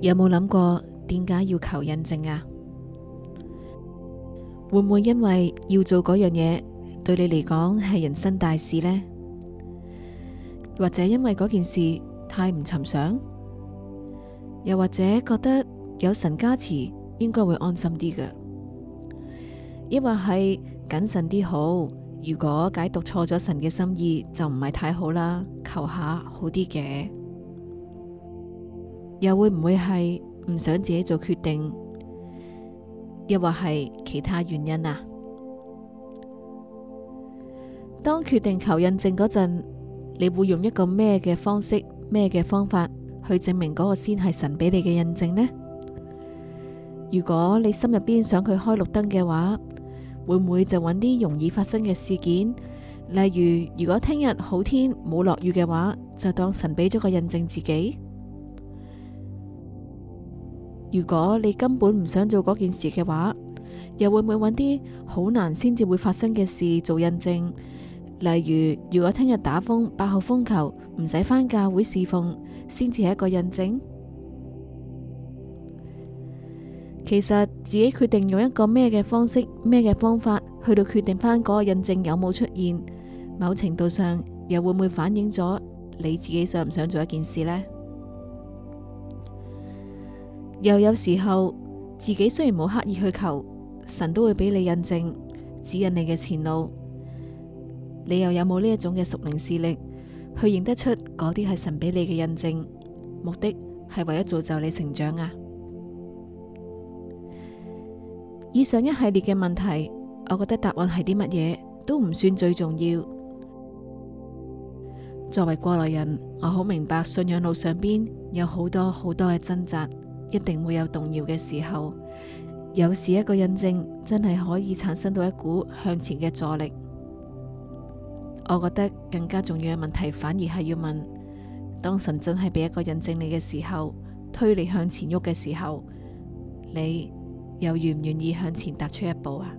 有冇諗過點解要求印證啊？會唔會因為要做嗰樣嘢對你嚟講係人生大事呢？或者因為嗰件事太唔尋常？又或者覺得有神加持應該會安心啲嘅，抑或係謹慎啲好？如果解讀錯咗神嘅心意，就唔係太好啦，求下好啲嘅。又會唔會係唔想自己做決定，又或係其他原因啊？當決定求印證嗰陣，你會用一個咩嘅方式、咩嘅方法去證明嗰個先係神畀你嘅印證呢？如果你心入邊想佢開綠燈嘅話，會唔會就揾啲容易發生嘅事件？例如，如果聽日好天冇落雨嘅話，就當神畀咗個印證自己。如果你根本唔想做嗰件事嘅話，又會唔會揾啲好難先至會發生嘅事做印證？例如，如果聽日打風，八號風球，唔使返教會侍奉，先至係一個印證。其實自己決定用一個咩嘅方式、咩嘅方法去到決定返嗰個印證有冇出現，某程度上又會唔會反映咗你自己想唔想做一件事咧？又有時候自己雖然冇刻意去求，神都會俾你印證，指引你嘅前路。你又有冇呢一種嘅屬靈視力，去認得出嗰啲係神俾你嘅印證？目的係為咗造就你成長啊！以上一系列嘅問題，我覺得答案係啲乜嘢都唔算最重要。作為過來人，我好明白信仰路上邊有好多好多嘅掙扎。一定會有動搖嘅時候，有時一個印證真係可以產生到一股向前嘅助力。我覺得更加重要嘅問題，反而係要問：當神真係俾一個印證你嘅時候，推你向前喐嘅時候，你又願唔願意向前踏出一步啊？